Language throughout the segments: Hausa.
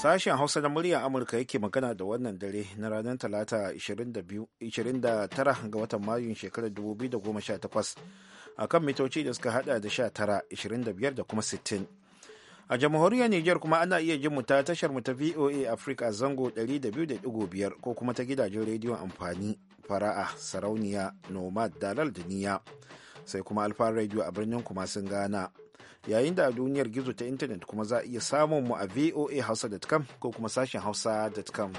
Sashen Hausa na muryar Amurka yake magana da wannan dare na ranar Talata 29 ga watan mayu shekarar 2018 a kan mitoci da suka hada da 19, 25 da kuma 60. A jamhuriyar Nijar kuma ana iya jin mu ta tashar mu ta VOA Africa zango 200.5 ko kuma ta gidajen rediyon amfani fara'a sarauniya nomad dalal da niya sai kuma alfa radio a birnin kuma sun gana. yayin da a duniyar gizo ta intanet kuma za a iya samun mu a voa hausa.com ko kuma sashen hausa.com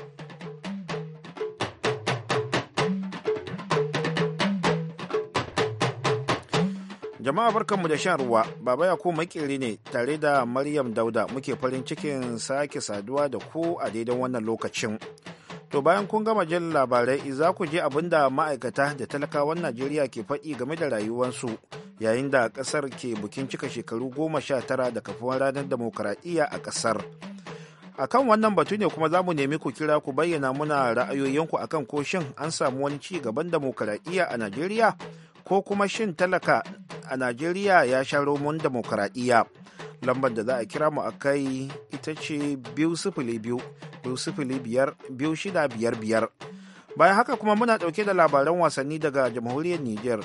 jama'a barkanmu da shan ruwa baba ya ko makere ne tare da maryam dauda muke farin cikin sake saduwa da ku a daidan wannan lokacin to bayan kun gama jin labarai za ku je abun da ma'aikata da talakawan najeriya ke faɗi game da rayuwarsu yayin da kasar ke bukin cika shekaru goma sha tara da kafuwan ranar demokaradiyya a kasar a kan wannan batu ne kuma za mu nemi ku kira ku bayyana muna ra'ayoyinku akan ko shin an samu wani ci gaban demokaradiyya a najeriya ko kuma shin talaka a najeriya ya sha romon demokaradiyya lambar da za a kira mu a kai ita ce biyu sifili biyu biyu sifili biyar biyu shida biyar biyar bayan haka kuma muna ɗauke da labaran wasanni daga jamhuriyar niger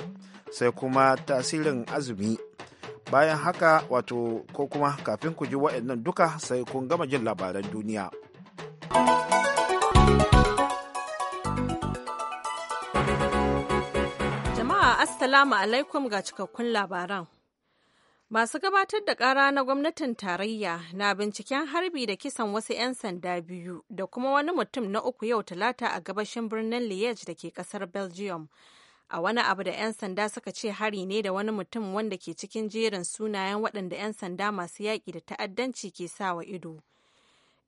sai kuma tasirin azumi bayan haka wato ko kuma kafin ku ji waɗannan duka sai kun gama jin labaran duniya jama'a assalamu alaikum ga cikakkun labaran Masu gabatar da ƙara na gwamnatin tarayya na binciken harbi da kisan wasu 'yan sanda biyu da kuma wani mutum na uku yau talata a gabashin birnin Liège da ke ƙasar Belgium. A wani abu da 'yan sanda suka ce hari ne da wani mutum wanda ke cikin jerin sunayen waɗanda 'yan sanda masu yaƙi da ta'addanci ke sawa ido.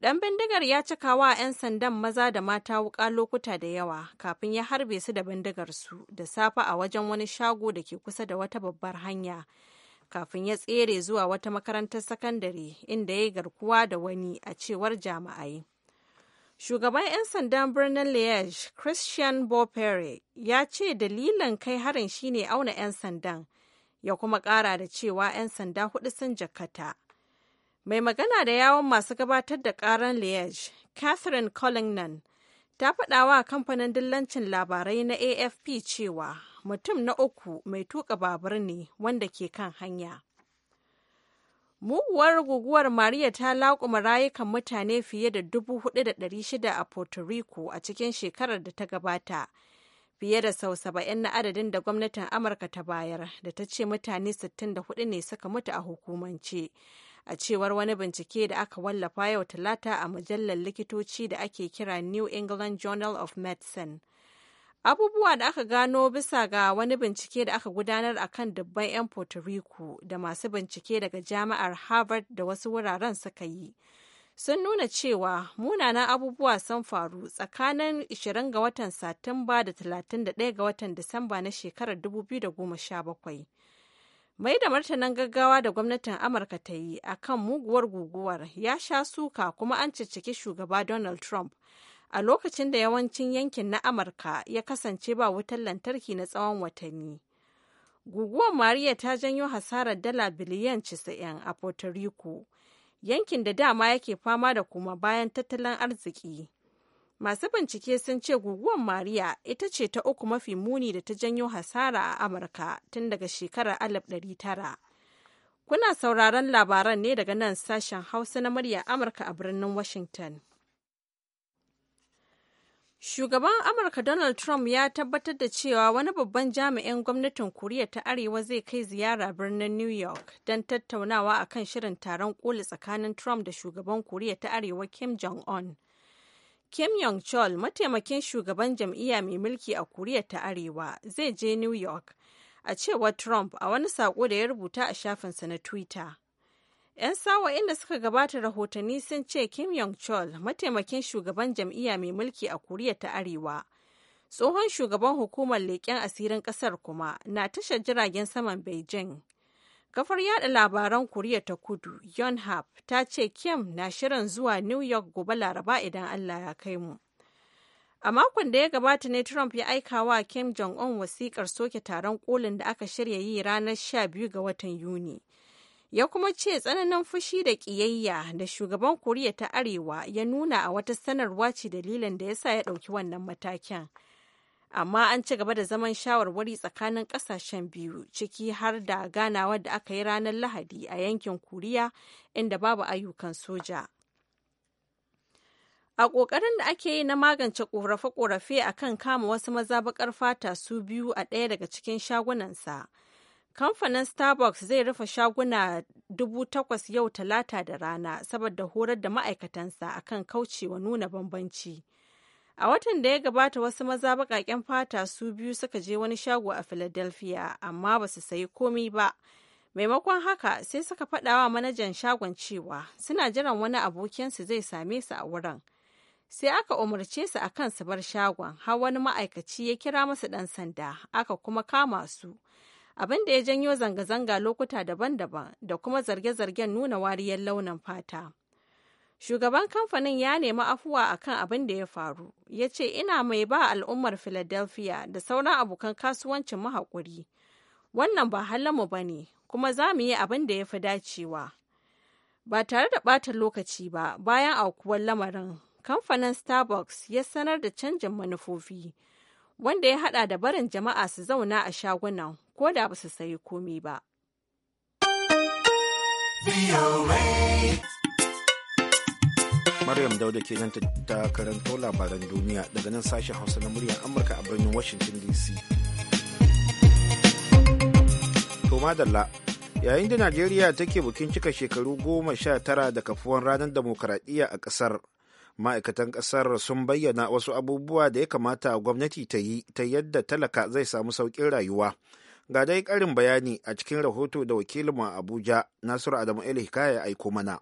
Ɗan bindigar ya cika wa 'yan sandan maza da mata wuƙa lokuta da yawa kafin ya harbe su da bindigar su da safe a wajen wani shago da ke kusa da wata babbar hanya. kafin ya tsere zuwa wata makarantar sakandare inda ya yi garkuwa da wani a cewar jama'ai. Shugaban 'yan sandan birnin Liège, Christian Bopere, ya ce dalilan kai harin shine auna 'yan sandan, ya kuma ƙara da cewa 'yan sanda hudu sun jakata. Mai magana da yawon masu gabatar da ƙaran Liège, Catherine collingnan ta faɗa wa kamfanin dillancin labarai na afp cewa mutum na uku mai tuka babur ne wanda ke kan hanya muguwar guguwar maria ta laƙuma rayukan mutane fiye da 4,600 a puerto rico a cikin shekarar da ta gabata fiye da sau 70 na adadin da gwamnatin amurka ta bayar da ta ce mutane 64 ne suka mutu a hukumance a cewar wani bincike da aka wallafa yau talata a mujallar likitoci da ake kira new england journal of medicine abubuwa da aka gano bisa ga wani bincike da aka gudanar a kan dubban 'yan puerto rico da masu bincike daga jami'ar harvard da wasu wuraren suka yi sun nuna cewa munanan abubuwa sun faru tsakanin 20 ga watan satumba da 31 ga watan disamba na shekarar 2017 mai da martanin gaggawa da gwamnatin amurka ta yi a kan muguwar guguwar ya sha suka kuma an cicciki shugaba donald trump a lokacin da yawancin yankin na amurka ya kasance ba wutar lantarki na tsawon watanni guguwar mariya ta janyo hasarar dala biliyan 90 a puerto rico yankin da dama yake fama da kuma bayan tattalin arziki Masu bincike sun ce guguwar Mariya ita ce ta uku mafi muni da ta janyo hasara a Amurka tun daga shekarar ɗari tara Kuna sauraron labaran ne daga nan sashen Hausa na murya Amurka a birnin Washington. Shugaban Amurka Donald Trump ya tabbatar da cewa wani babban jami'in gwamnatin Koriya ta Arewa zai kai ziyara birnin New York don tattaunawa akan shirin taron koli tsakanin Trump da shugaban Koriya ta Arewa Kim Jong-un. Kim Yong Chol, mataimakin shugaban jam'iyya mai mulki a Koriya ta Arewa, zai je New York, a cewar Trump a wani saƙo da ya rubuta a shafinsa na Twitter. 'Yan sawa inda suka gabata rahotanni sun ce Kim Yong Chol, mataimakin shugaban jam'iyya mai mulki a Koriya ta Arewa, tsohon shugaban hukumar leƙen asirin ƙasar kuma na tashar jiragen saman Beijing. Kafar yada labaran Koriya ta Kudu, Yonhap, ta ce Kim na shirin zuwa New York gobe Laraba idan Allah ya kai mu. A makon da ya gabata ne Trump ya aika wa Kim Jong-un wasikar soke taron kolin da aka shirya yi ranar 12 ga watan Yuni. Ya kuma ce tsananin fushi da kiyayya da shugaban Koriya ta Arewa ya nuna a wata sanarwa ce dalilin da ya sa ya ɗauki wannan matakin. amma an ci gaba da zaman shawarwari tsakanin kasashen biyu ciki har da ganawar da aka yi ranar lahadi a yankin kuriya inda babu ayyukan soja a ƙoƙarin da ake yi na magance ƙorafe-ƙorafe a kan kama wasu maza baƙar fata su biyu a ɗaya daga cikin shagunansa kamfanin starbucks zai rufe shaguna 8,000 yau talata da rana saboda horar da ma'aikatansa akan kaucewa nuna bambanci. A watan da ya gabata wasu maza baƙaƙen fata su biyu suka je wani shago a Philadelphia amma ba su sayi komi ba. Maimakon haka sai suka faɗawa manajan shagon cewa suna jiran wani abokinsu zai same su a wurin. Sai aka umarce su akan su bar shagon har wani ma'aikaci ya kira masu ɗan sanda aka kuma kama su. Abin da ya janyo zanga-zanga lokuta daban-daban da kuma zarge-zargen nuna wariyar launin fata. shugaban kamfanin ya nemi afuwa a kan abin da ya faru ya ce ina mai ba al'ummar philadelphia da sauran abokan kasuwancin mahaƙuri wannan ba halamu ba ne kuma za mu yi abin da ya fi dacewa ba tare da ɓata lokaci ba bayan aukuwar lamarin kamfanin starbucks ya sanar da canjin manufofi wanda ya hada da barin jama'a su zauna a shagunan ko da ba su sayi komi ba. Maryam Dauda ke nan ta karanto labaran duniya daga nan sashen Hausa na muryar Amurka a birnin Washington DC. To madalla, yayin da Najeriya take bukin cika shekaru goma sha tara da kafuwan ranar demokaradiyya a ƙasar, ma'aikatan ƙasar sun bayyana wasu abubuwa da ya kamata gwamnati ta yi ta yadda talaka zai samu sauƙin rayuwa. Ga dai ƙarin bayani a cikin rahoto da wakilinmu a Abuja, Nasiru Adamu El Hikaya aiko mana.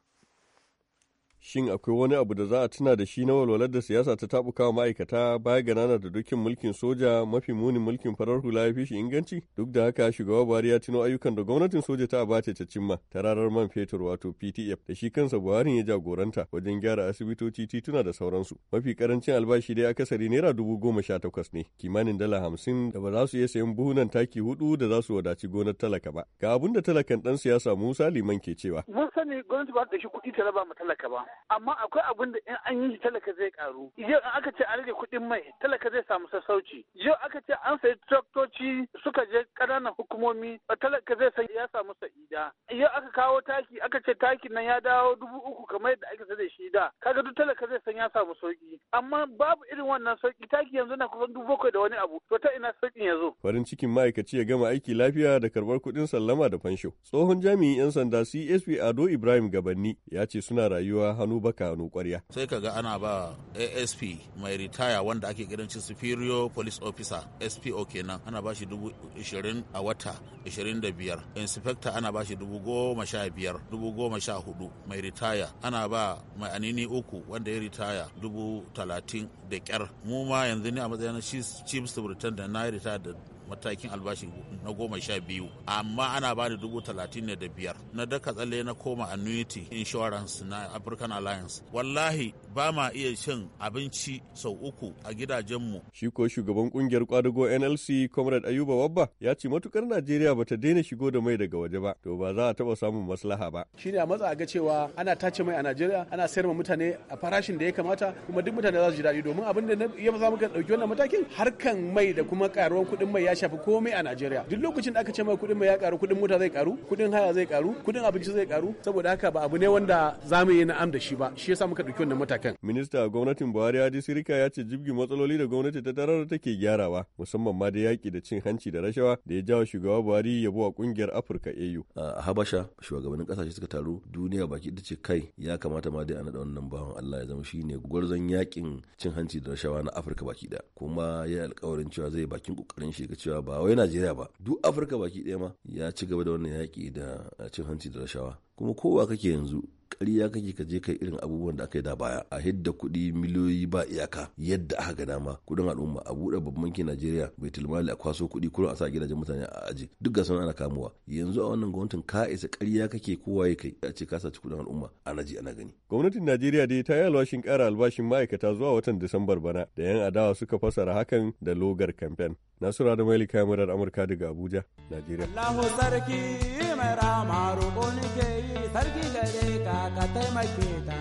shin akwai wani abu da za a tuna da shi na walwalar da siyasa ta tabuka wa ma'aikata baya ga nana da dukin mulkin soja mafi munin mulkin farar hula ya fi shi inganci duk da haka shugaba buhari ya tuno ayyukan da gwamnatin soja ta abace ta cimma tararar man fetur wato ptf da shi kansa buhari ya jagoranta wajen gyara asibitoci tituna da sauransu mafi karancin albashi dai akasari naira dubu goma sha takwas ne kimanin dala hamsin da ba za su iya sayan buhunan taki hudu da za su wadaci gonar talaka ba ga abun da talakan dan siyasa musa liman ke cewa mun sani gwamnati ba shi amma akwai abin da in an yi shi talaka zai karu yau in aka ce an rage kuɗin mai talaka zai samu sassauci yau aka ce an sayi traktoci suka je kananan hukumomi talaka zai san ya samu sa'ida yau aka kawo taki aka ce takin nan ya dawo dubu uku kamar yadda aka da shi da kaga duk talaka zai san ya samu sauki amma babu irin wannan sauki taki yanzu na kusan dubu bakwai da wani abu to ta ina sauƙin ya zo. farin cikin ma'aikaci ya gama aiki lafiya da karbar kuɗin sallama da fansho tsohon jami'in 'yan sanda csp ado ibrahim gabanni ya ce suna rayuwa hannu baka hannu kwarya sai ka ga ana ba asp mai ritaya wanda ake kirancin superior police officer spo kenan ana ba shi dubu ishirin a wata ishirin da biyar inspector ana ba shi dubu goma sha biyar dubu goma sha hudu mai ritaya ana ba mai anini uku wanda ya ritaya dubu talatin da kyar mu ma yanzu ne a matsayin chief superintendent na ritaya da matakin albashi na goma sha biyu amma ana ba da dubu talatin ne da biyar na daka tsalle na koma annuity insurance na african alliance wallahi ba ma iya cin abinci sau uku a gidajenmu. shi ko shugaban kungiyar kwadago nlc comrade ayuba wabba ya ce matukar najeriya bata daina shigo da mai daga waje ba to ba za a taba samun maslaha ba shine a matsa ga cewa ana tace mai a najeriya ana sayar ma mutane a farashin da ya kamata kuma duk mutane za su ji daɗi domin abin da ya za mu ɗauki wannan matakin harkan mai da kuma karuwan kuɗin mai ya shafi komai a Najeriya duk lokacin da aka ce mai kuɗin mai ya karu kuɗin mota zai karu kuɗin haya zai karu kuɗin abinci zai karu saboda haka ba abu ne wanda za mu yi na'am da shi ba shi yasa muka ɗauki wannan matakan minista gwamnatin Buhari Hadi Sirika ya ce jibgin matsaloli da gwamnati ta tarar take gyarawa musamman ma da yaki da cin hanci da rashawa da ya jawo shugaba Buhari ya bawa kungiyar Afirka AU a Habasha shugabannin kasashe suka taru duniya baki da ce kai ya kamata ma dai a da wannan bawan Allah ya zama shine gwarzon yakin cin hanci da rashawa na Afirka baki da kuma ya alƙawarin cewa zai bakin kokarin shi cewa ba wai Najeriya ba duk Afirka baki ɗaya ma ya ci gaba da wannan yaƙi da cin hanci da rashawa kuma kowa kake yanzu ƙarya kake ka je kai irin abubuwan da aka yi da baya a hidda kuɗi miliyoyi ba iyaka yadda aka ga dama kuɗin al'umma a buɗe babban ke Najeriya bai tilmali a kwaso kuɗi kullum a sa gidajen mutane a aji duk ga sanan ana kamuwa yanzu a wannan gwamnatin ka isa ƙarya kake kowa ya kai a ce ka saci kuɗin al'umma a ji ana gani gwamnatin Najeriya dai ta yi alwashin kara albashin ma'aikata zuwa watan Disambar bana da yan adawa suka fasara hakan da logar kamfen nasiru da Maili Kamarar Amurka daga Abuja, Najeriya. mai da roƙo da yi sarki gare ka ka taimake ta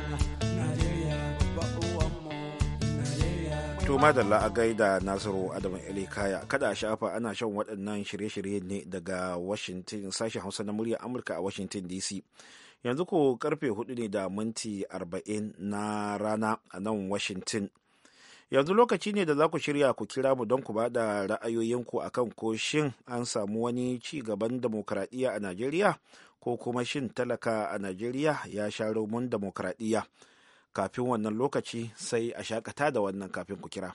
Najeriya ba Nasiru Adamu Elikaya kada a shafa ana shan waɗannan shirye-shirye ne daga Washington sashen Hausa na murya Amurka a Washington DC. Yanzu ko karfe hudu ne da minti arba'in na rana a nan Washington. yanzu lokaci ne da za ku shirya ku kira mu don ku bada ra'ayoyinku akan ko shin an samu wani ci gaban demokradiyya a najeriya ko kuma shin talaka a najeriya ya sha romun demokradiyya kafin wannan lokaci sai a shakata da wannan kafin ku kira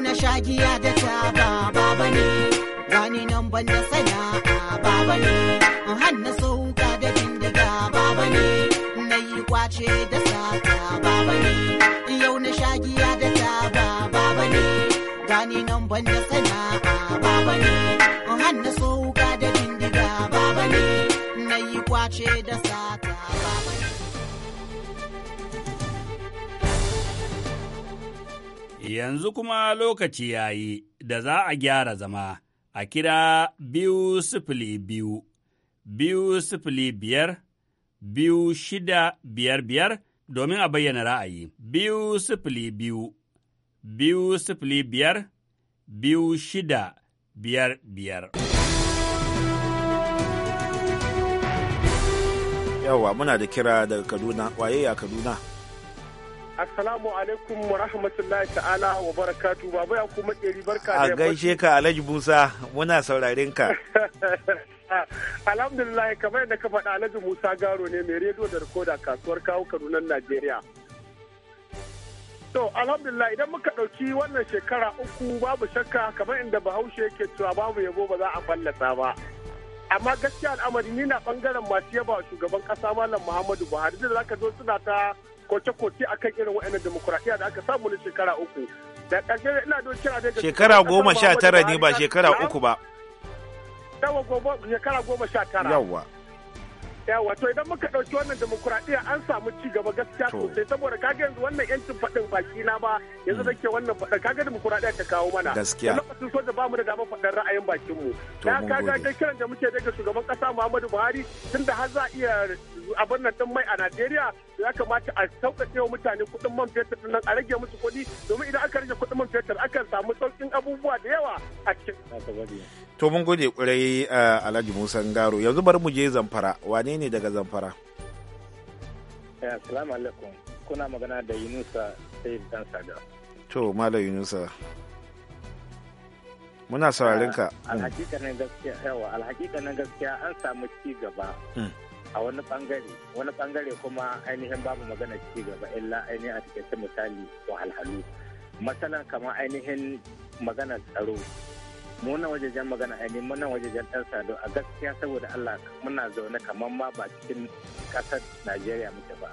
ko na shagiya da taba baba ne wani nan ban da sana'a baba ne hannu sauka da bindiga baba ne na yi kwace da saka baba ne yau na shagiya da taba baba ne gani nan ban da sana'a baba ne hannu sauka da bindiga baba ne na yi kwace da saka Yanzu kuma lokaci ya yi da za a gyara zama a kira biyu sifili biyu, biyu sifili biyar, biyu shida biyar biyar domin a bayyana ra'ayi. Biyu sifili biyu, biyu sifili biyar, biyu shida biyar biyar. Yawwa muna da kira daga Kaduna, waye ya Kaduna? Assalamu alaikum wa rahmatullahi ta'ala wa barakatu baba ya kuma ɗeri barka da A gaishe ka Alhaji Musa muna sauraren ka. Alhamdulillah kamar da ka faɗa Alhaji Musa Garo ne mai rediyo da rikoda kasuwar kawo Kaduna Najeriya. To alhamdulillah idan muka ɗauki wannan shekara uku babu shakka kamar inda Bahaushe yake cewa babu yabo ba za a fallasa ba. amma gaskiya al'amari ni na bangaren masu yaba shugaban kasa malam muhammadu buhari da zaka zo suna ta koce a kan irin wa'annan demokuraɗiyya da aka samu na shekara uku da ƙarshen ina don kira daga shekara goma sha tara ne ba shekara uku ba shekara daya wato idan muka ɗauki wannan demokuraɗiyya an samu ci gaba gaskiya sosai saboda kaga yanzu wannan yancin faɗin baki na ba yanzu da mm. ke wannan faɗa kaga demokuraɗiyya ta kawo mana gaskiya lokacin soja ba mu da damar faɗin ra'ayin bakin mu ya kaga ga kiran da muke daga shugaban ƙasa Muhammadu Buhari tunda har za iya abin nan din mai a Najeriya ya kamata a sauƙaƙe wa mutane kuɗin man fetur din nan a rage musu kuɗi domin idan aka rage kuɗin man fetur akan samu sauƙin abubuwa da yawa a cikin to mun gode kurai uh, eh, alhaji musa ngaro yanzu bari mu je zamfara wane ne daga zamfara eh, assalamu alaikum kuna magana da yunusa sai dan sada to malam yunusa muna sauraron eh, ka hmm. alhakikanin gaskiya yawa alhakikanin gaskiya an samu ci gaba hmm. a wani bangare wani bangare kuma ainihin babu magana ci gaba illa ainihin a cikin misali wahalhalu matsalan kamar ainihin magana tsaro mu nan wajejen magana a eh, mu nan wajejen ɗan sado a gaskiya saboda Allah muna zaune kamar ma ba cikin ƙasar Najeriya muke ba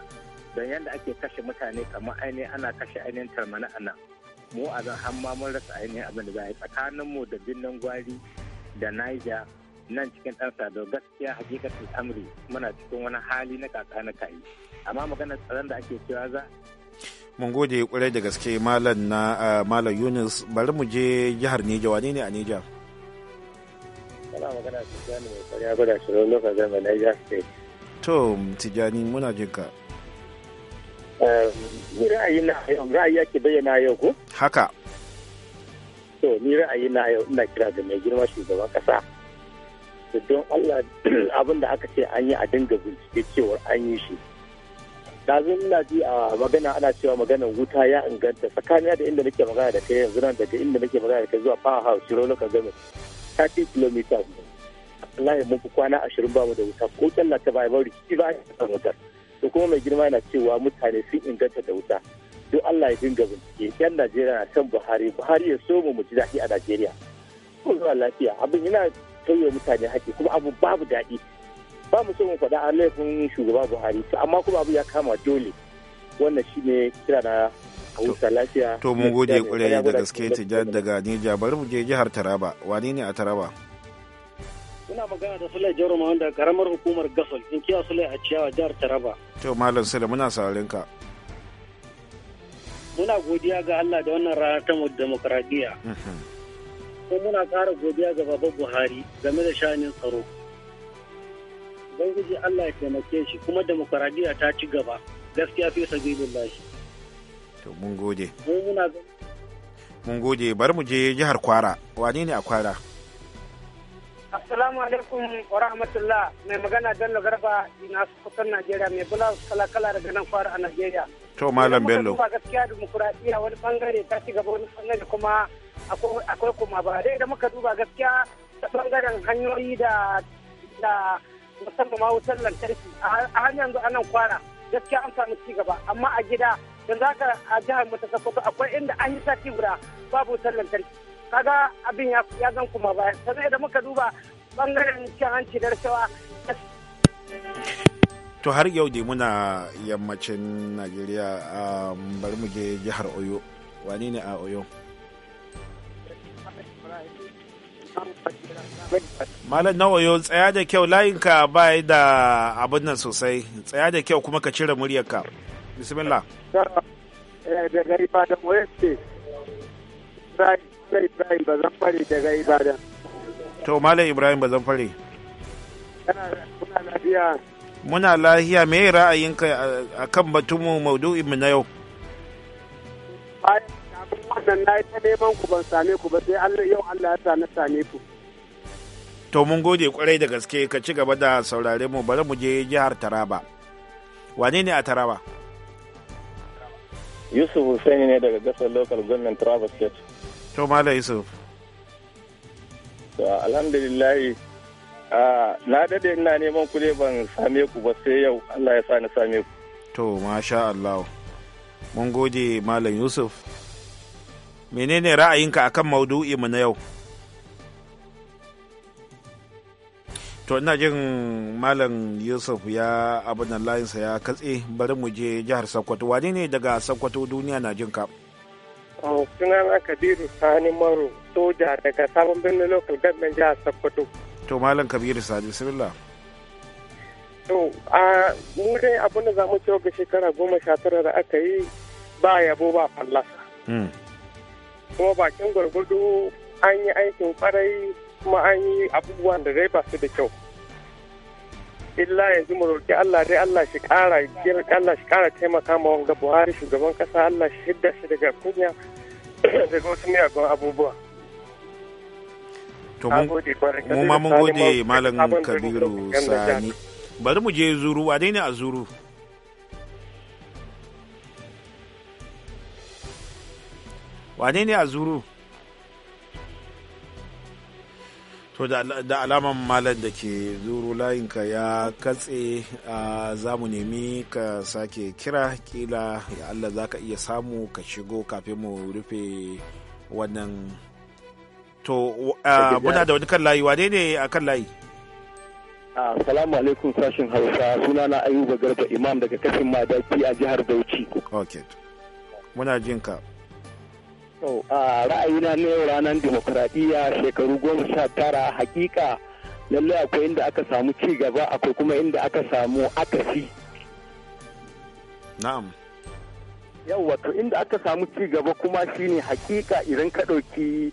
don yadda ake kashe mutane kamar aini ana kashe ainihin tarmana na mu a zan hamma mun rasa ainihin abin da za yi tsakanin mu da binnin gwari da naija nan cikin ɗan sado gaskiya hakikatin amri muna cikin wani hali na kaka na kayi amma maganar tsaron da ake cewa za mun gode kwarai da gaske malam na malam yunus bari mu je jihar neja wane ne a neja magana mai lokacin da to tijani muna jin ka eh, ni ra'ayi na yau ra'ayi ake bayyana yau ko haka to ni ra'ayi na yau ina kira da mai girma shugaban kasa don allah abin da aka ce an yi a dinga bincike cewar an yi shi kafin na ji a magana ana cewa maganar wuta ya inganta tsakaniya da inda nake magana da kai yanzu nan daga inda nake magana da kai zuwa power house shiro local government 30 km ne wallahi mun kwana ashirin ba mu da wuta ko talla ta bai bari shi ba a wutar to kuma mai girma yana cewa mutane sun inganta da wuta duk Allah ya dinga bincike yan Najeriya na san Buhari Buhari ya so mu ji daɗi a Najeriya ko zuwa lafiya abin yana tauye mutane haƙƙi kuma abu babu daɗi ba mu so mu faɗa a laifin shugaba buhari amma kuma abu ya kama dole wannan ne kira na hausa lafiya to mun gode kwarai da gaske tijar daga nija bari mu je jihar taraba wani ne a taraba ina magana da sulai jaruma wanda karamar hukumar gasol in kiya sulai a ciyawa jihar taraba to malam sulai muna saurin ka muna godiya ga allah da wannan rana ta demokaradiyya mhm. kuma muna ƙara godiya ga baba buhari game da shanin tsaro ubangiji Allah ya taimake shi kuma demokaradiyya ta ci gaba gaskiya fi sabilillah to mun gode mun gode bari mu je jihar Kwara wa ne a Kwara Assalamu alaikum wa rahmatullah mai magana Bello Garba ina kusan Najeriya mai bula kala kala daga nan Kwara a Najeriya to malam Bello kuma gaskiya demokaradiyya wani bangare ta ci gaba wani bangare kuma akwai kuma ba dai da muka duba gaskiya ta bangaren hanyoyi da da musamman ma wutar lantarki a har yanzu anan kwana gaskiya an samu ci gaba amma a gida yanzu haka a jihar mu ta Sokoto akwai inda an yi sati guda babu wutar lantarki kaga abin ya ya zan kuma baya sannan idan muka duba bangaren cin hanci da rashawa to har yau dai muna yammacin najeriya um, bari mu je jihar oyo wani ne a oyo Malam Nawayo tsaya da kyau layinka ba yi da abin nan sosai tsaya da kyau kuma ka cire muryarka. Bismillah. Eh, daga Ibadan Weste. Ibrahim ba zan fare daga Ibadan. To Malam Ibrahim ba zan fare. Muna lafiya. Muna lafiya me ra'ayinka eh, akan batunmu maudu'in mu na yau? Bayan kafin wannan na yi ta neman ku ban same ku ba sai yau Allah ya sa na same ku. to mun gode kwarai da gaske ka ci gaba da saurare mu bari mu je jihar taraba wane ne a taraba yusuf hussaini ne daga gasar local government taraba state to mala yusuf to alhamdulillah na dade ina neman ku ne ban same ku ba sai yau allah ya sani same ku to masha allah mun gode malam yusuf menene ra'ayinka akan maudu'i mu na yau to ina jin malam yusuf ya abinan layinsa ya katse bari mu je jihar sokoto wane ne daga sokoto duniya na jin ka oh, sunana kabiru sani maro soja daga sabon birnin local government jihar sokoto to malam kabiru sani sirila to a mu dai abin zamu ce ga shekara goma sha tara da aka yi ba yabo ba fallasa hmm. kuma bakin gwargwado an yi aikin kwarai kuma an yi abubuwan da dai ba su da kyau illa yanzu mu roƙi Allah dai Allah shi ƙara Allah shi ƙara taimaka ma wanga Buhari shugaban ƙasa Allah shi hidda shi daga kunya daga wasu miyagun abubuwa. To mu ma mun gode Malam Kabiru Sani. Bari mu je zuru a daina a zuru. Wane ne a zuru? to da alaman malam da ke zuru layinka ya katse za mu nemi ka sake kira kila ya allah za ka iya samu ka shigo kafin mu rufe wannan to muna da wani kan layi wane ne a kan layi Assalamu alaikum sashin Hausa sunana Ayuba Garba Imam daga kashin Madaki a jihar Bauchi. ok Muna jinka. a ra'ayina na yau ranar demokuraɗiyya shekaru goma sha tara hakika lalle akwai inda aka samu ci gaba akwai kuma inda aka samu akasi. Na'am. yau wato inda aka samu ci gaba kuma shine hakika idan ka ɗauki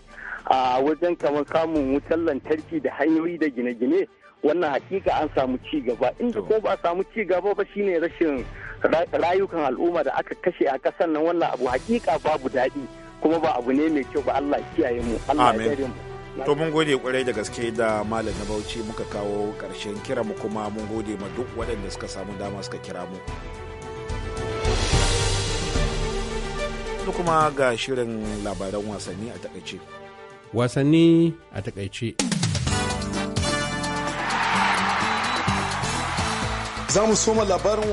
a wajen kamar samun wutar lantarki da hanyoyi da gine-gine wannan hakika an samu ci gaba inda ko ba a samu ci gaba ba shine rashin rayukan al'umma da aka kashe a ƙasar nan wannan abu hakika babu daɗi. kuma ba abu ne mai kyau ba Allah kiyaye mu Allah ya to mun gode kwarai da gaske da malam na bauchi muka kawo karshen kira mu kuma mun gode ma duk waɗanda suka samu dama suka kira mu to kuma ga shirin labaran wasanni a takaice. Wasanni a takaice. Za mu soma labarin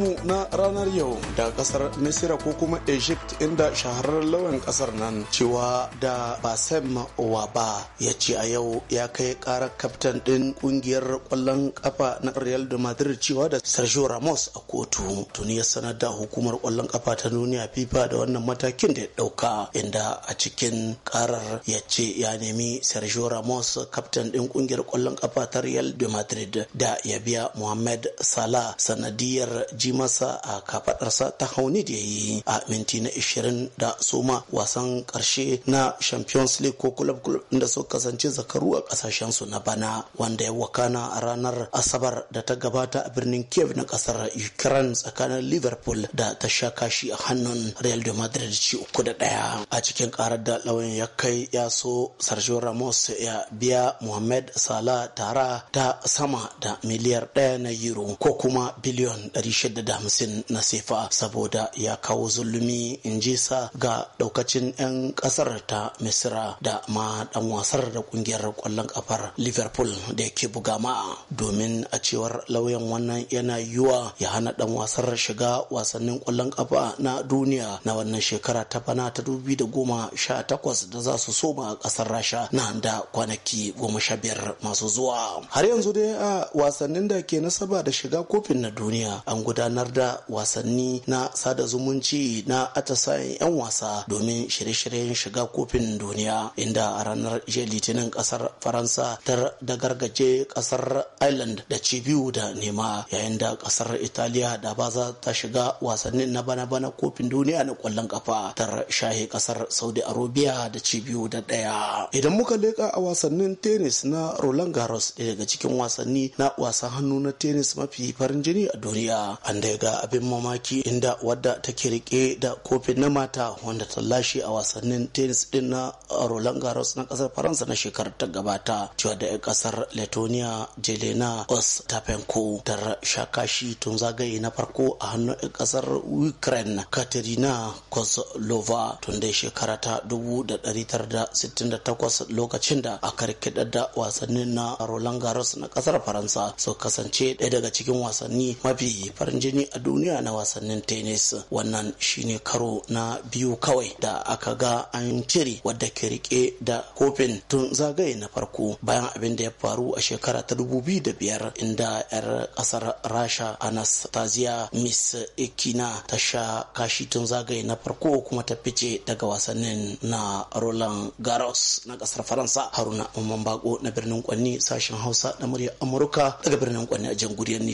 mu na ranar yau da kasar Misira ko kuma Egypt inda shahararren lawan kasar nan cewa da Basem Waba ya ce a yau ya kai karar kaftan ɗin kungiyar kwallon kafa na Real de Madrid cewa da Sergio Ramos a kotu. Tuni ya sanar da hukumar kwallon kafa ta duniya FIFA da wannan matakin da ya dauka inda a cikin karar ya ce ya nemi Sergio Ramos kaftan din kungiyar kwallon kafa ta Real de Madrid da ya biya Mohamed sala sanadiyar jimasa masa a kafadarsa ta hauni da yi a minti na 20 da soma wasan karshe na champions league ko club club da suka kasance zakaru a kasashen su na bana wanda ya wakana a ranar asabar da ta gabata a birnin kiev na kasar ukraine tsakanin liverpool da ta sha kashi a hannun real de madrid ci uku da daya a cikin karar da lauyan ya kai ya so sergio ramos ya biya mohamed salah tara ta sama da miliyar daya na euro ko kuma biliyon 650 na sefa saboda ya kawo zulumi in ji sa ga daukacin 'yan kasar ta misira da ma dan wasar da kungiyar kwallon kafar liverpool da ke buga ma domin a cewar lauyan wannan yana yiwa ya hana dan wasar shiga wasannin kwallon kafa na duniya na wannan shekara ta bana ta 2018 da za su soma a kasar rasha na da kwanaki goma sha biyar masu zuwa har yanzu dai a wasannin da ke nasaba da shiga shiga kofin na duniya an gudanar da wasanni na sada zumunci na atasayin 'yan wasa domin shirye-shiryen shiga kofin duniya inda a ranar jiya litinin kasar faransa ta da gargaje kasar ireland da cibiyu da nema yayin da kasar italiya da baza ta shiga wasannin na bana-bana kofin duniya na kwallon kafa ta shahe kasar saudi arabia da cibiyu da daya idan muka leka a wasannin tennis na roland garros daga cikin wasanni na wasan hannu na tennis mafi mafi farin jini a duniya an da ga abin mamaki inda wadda take rike da kofin na mata wanda ta lashe a wasannin tennis din na Roland Garros na kasar Faransa na shekarar ta gabata cewa da kasar Letonia Jelena Ostapenko shaka shakashi tun zagaye na farko a hannun kasar Ukraine Katerina Kozlova tun da shekara ta 1968 lokacin da aka rikidar da wasannin na Roland Garros na kasar Faransa su kasance ɗaya daga cikin cikin wasanni mafi farin jini a duniya na wasannin tennis wannan shine karo na biyu kawai da aka ga an cire wadda ke rike da kofin tun zagaye na farko bayan abin da ya faru a shekara ta dubu biyu da biyar inda yar kasar rasha anastasia miss Ekina ta sha kashi tun zagaye na farko kuma ta fice daga wasannin na roland garros na kasar faransa haruna mamman bako na birnin kwanni sashen hausa na murya amurka daga birnin kwanni a jan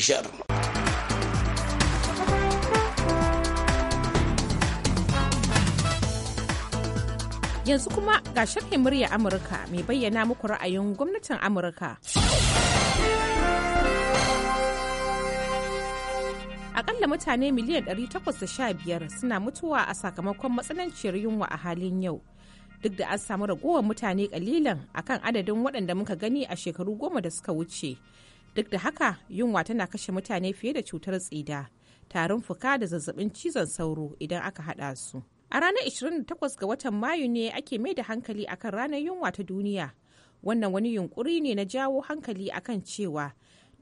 Nijar. Yanzu kuma ga sharhin murya Amurka mai bayyana muku ra'ayin gwamnatin Amurka. akalla mutane miliyan 815 suna mutuwa a sakamakon matsananciyar yunwa a halin yau duk da an samu ragowar mutane kalilan akan adadin waɗanda muka gani a shekaru goma da suka wuce duk da haka yunwa tana kashe mutane fiye da cutar tsida tarin fuka da zazzabin cizon sauro idan aka hada su a ranar 28 ga watan mayu ne ake mai da hankali akan ranar yunwa ta duniya wannan wani yunkuri ne na jawo hankali akan cewa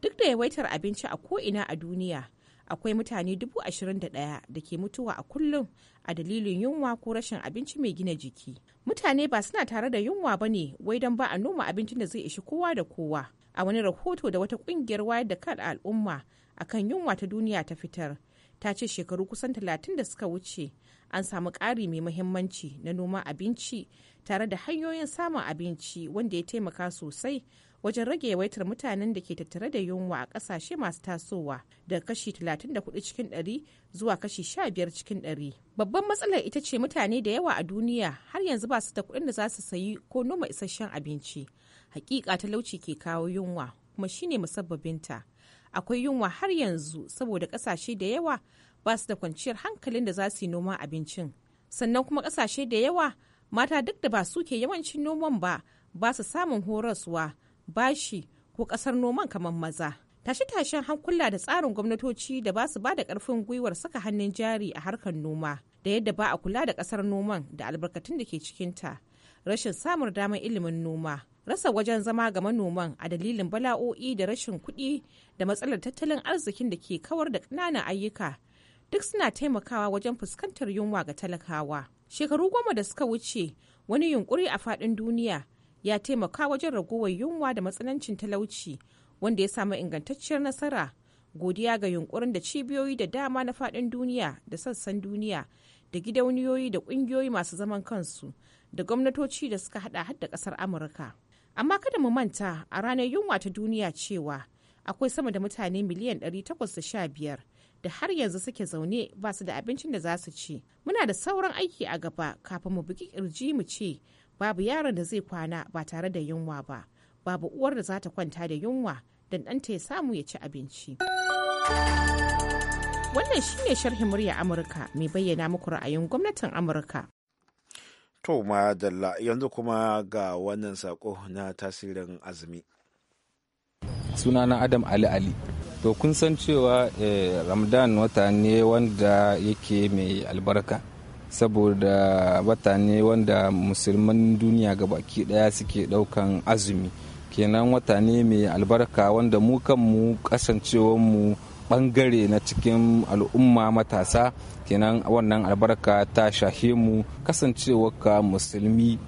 duk da yawaitar abinci a ko ina a duniya akwai mutane dubu ashirin da ɗaya da ke mutuwa a kullum a dalilin yunwa ko rashin abinci mai gina jiki mutane ba suna tare da yunwa ba ne wai don ba a noma abincin da zai ishi kowa da kowa a wani rahoto da wata kungiyar wayar da kan al'umma akan yunwa ta duniya ta fitar ta ce shekaru kusan 30 da suka wuce an samu ƙari mai muhimmanci na noman abinci tare da hanyoyin samun abinci wanda ya taimaka sosai wajen rage yawaitar mutanen da ke tattare da yunwa a kasashe masu tasowa daga kashi 34 cikin 100 zuwa kashi 15 cikin 100. Babban matsalar ita ce mutane da yawa a duniya har yanzu ba su da kuɗin da za su sayi ko noma isasshen abinci. Hakika talauci ke kawo yunwa kuma shine musabbabinta. Akwai yunwa har yanzu saboda ƙasashe da yawa ba su da kwanciyar hankalin da za su yi noman abincin. Sannan kuma ƙasashe da yawa mata duk da ba su ke yawancin noman ba ba su samun horaswa bashi ko ƙasar noman kamar maza. Tashe-tashen hankula da tsarin gwamnatoci da ba su ba da ƙarfin gwiwar saka hannun jari a harkar noma da yadda ba a kula da ƙasar noman da albarkatun da ke cikinta. Rashin samun damar ilimin noma, rasa wajen zama ga manoman a dalilin bala'o'i da rashin kuɗi da matsalar tattalin arzikin da ke kawar da ƙananan ayyuka duk suna taimakawa wajen fuskantar yunwa ga talakawa. Shekaru goma da suka wuce wani yunkuri a faɗin duniya ya taimaka wajen ragowar yunwa da matsanancin talauci wanda ya samu ingantacciyar nasara godiya ga yunkurin da cibiyoyi da dama na faɗin duniya da sassan duniya da gidauniyoyi da ƙungiyoyi masu zaman kansu da gwamnatoci da suka hada hadda ƙasar amurka amma kada mu manta a ranar yunwa ta duniya cewa akwai sama da mutane miliyan 815 da har yanzu suke zaune basu da abincin da za su ci muna da sauran aiki a gaba kafin mu buki ƙirji mu ce babu yaron da zai kwana ba tare da yunwa ba babu uwar da za ta kwanta da yunwa don ɗanta ya samu ya ci abinci wannan shine sharhin murya amurka mai bayyana muku ra'ayin gwamnatin amurka to dalla yanzu kuma ga wannan sako na tasirin azumi sunana adam ali ali to kun san cewa eh, ramadan wata ne wanda yake mai albarka saboda wata wanda musulman duniya gabaki daya suke daukan azumi kenan watane mai albarka wanda mu kanmu mu bangare na cikin al'umma matasa kenan wannan albarka ta shahe mu kasancewarka musulmi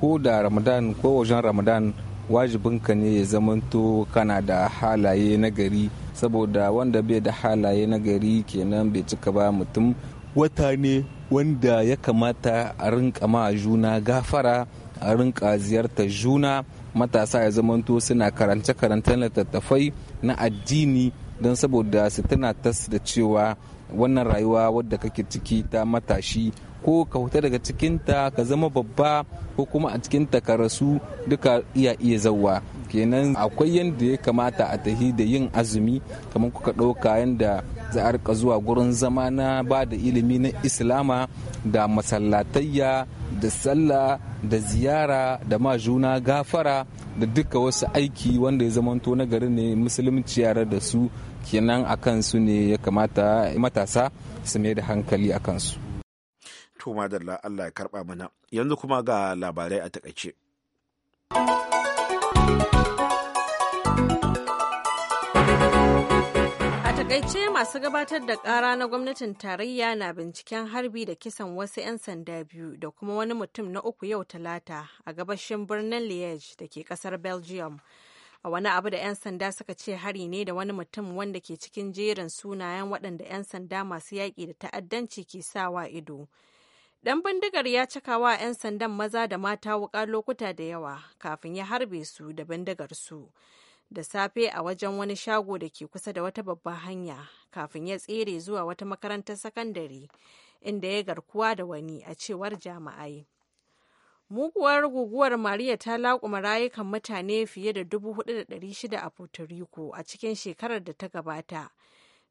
ko da ramadan ko wajen ramadan wajibinka ne ya zamanto kana da halaye na gari saboda wanda bai da halaye na gari kenan bai cika ba mutum wata ne wanda ya kamata a rinka ma juna gafara a rinka ziyartar juna matasa ya zamanto suna karance-karancen littattafai na addini don saboda su tana tas da cewa wannan rayuwa wadda kake ciki ta matashi ko ka huta daga cikinta ka zama babba ko kuma a cikinta ka rasu duka iya iya zauwa kenan akwai yadda ya kamata a tahi da yin azumi kamar kuka ɗauka yadda za a rika zuwa gurin zama na ba da ilimi na islama da masallatayya da sallah da ziyara da ma juna gafara da duka wasu aiki wanda ya zamanto na gari ne musulunci yara da su kenan a kansu ne ya kamata matasa su mai da hankali a kansu to madalla Allah ya karba mana yanzu kuma ga labarai a takaice a takaice masu gabatar da ƙara na gwamnatin tarayya na binciken harbi da kisan wasu 'yan sanda biyu da kuma wani mutum na uku yau talata a gabashin birnin liège da ke kasar belgium a wani abu da 'yan sanda suka ce hari ne da wani mutum wanda ke cikin jerin sunayen waɗanda 'yan sanda masu yaƙi da ta'addanci ke sawa ido Dan bindigar ya cika wa 'yan sandan maza da mata wuƙa lokuta da yawa kafin ya harbe su da bindigar su. Da safe a wajen wani shago da ke kusa da wata babbar hanya kafin ya tsere zuwa wata makarantar sakandare inda ya garkuwa da wani a cewar jama'ai. Muguwar guguwar Mariya ta laƙuma rayukan mutane fiye da 4,600 a Puerto Rico a cikin shekarar da ta gabata.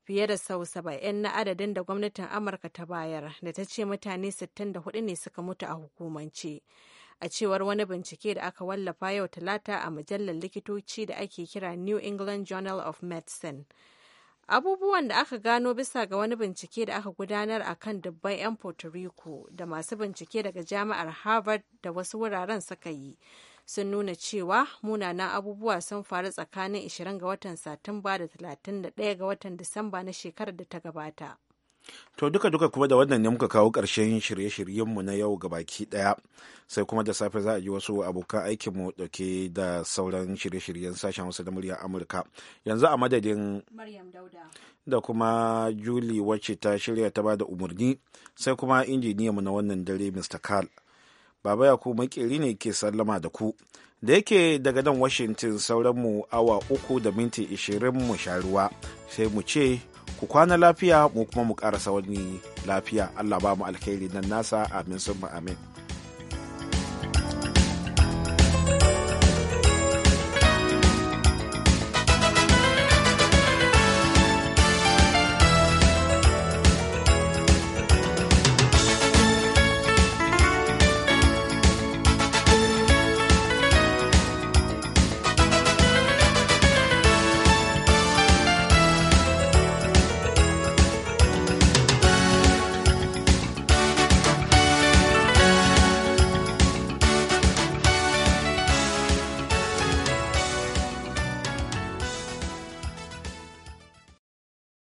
fiye da sau saba'in na adadin da gwamnatin amurka ta bayar da ta ce mutane 64 ne suka mutu a hukumance a cewar wani bincike da aka wallafa yau talata a mujallar likitoci da ake kira new england journal of medicine abubuwan da aka gano bisa ga wani bincike da aka gudanar a kan dubban 'yan puerto rico da masu bincike daga jami'ar harvard da wasu wuraren suka yi sun nuna cewa munanan abubuwa sun faru tsakanin 20 ga watan Satumba da 31 ga watan Disamba na shekarar da ta gabata. To duka duka kuma da wannan ne muka kawo ƙarshen shirye-shiryenmu na yau ga baki ɗaya sai kuma da safe za a ji wasu abokan aikinmu dauke da sauran shirye-shiryen sashen wasu da murya Amurka. Yanzu a madadin da kuma juli wacce ta shirya ta ba da umarni sai kuma injiniyanmu na wannan dare Mr. Carl. Baba ku makeri ne ke sallama da ku. Da yake daga nan Washington sauran mu awa uku da minti ishirin mu sha sai mu ce ku kwana lafiya mu kuma mu ƙarasa wani lafiya Allah ba mu alkhairi nan nasa amin sun amin.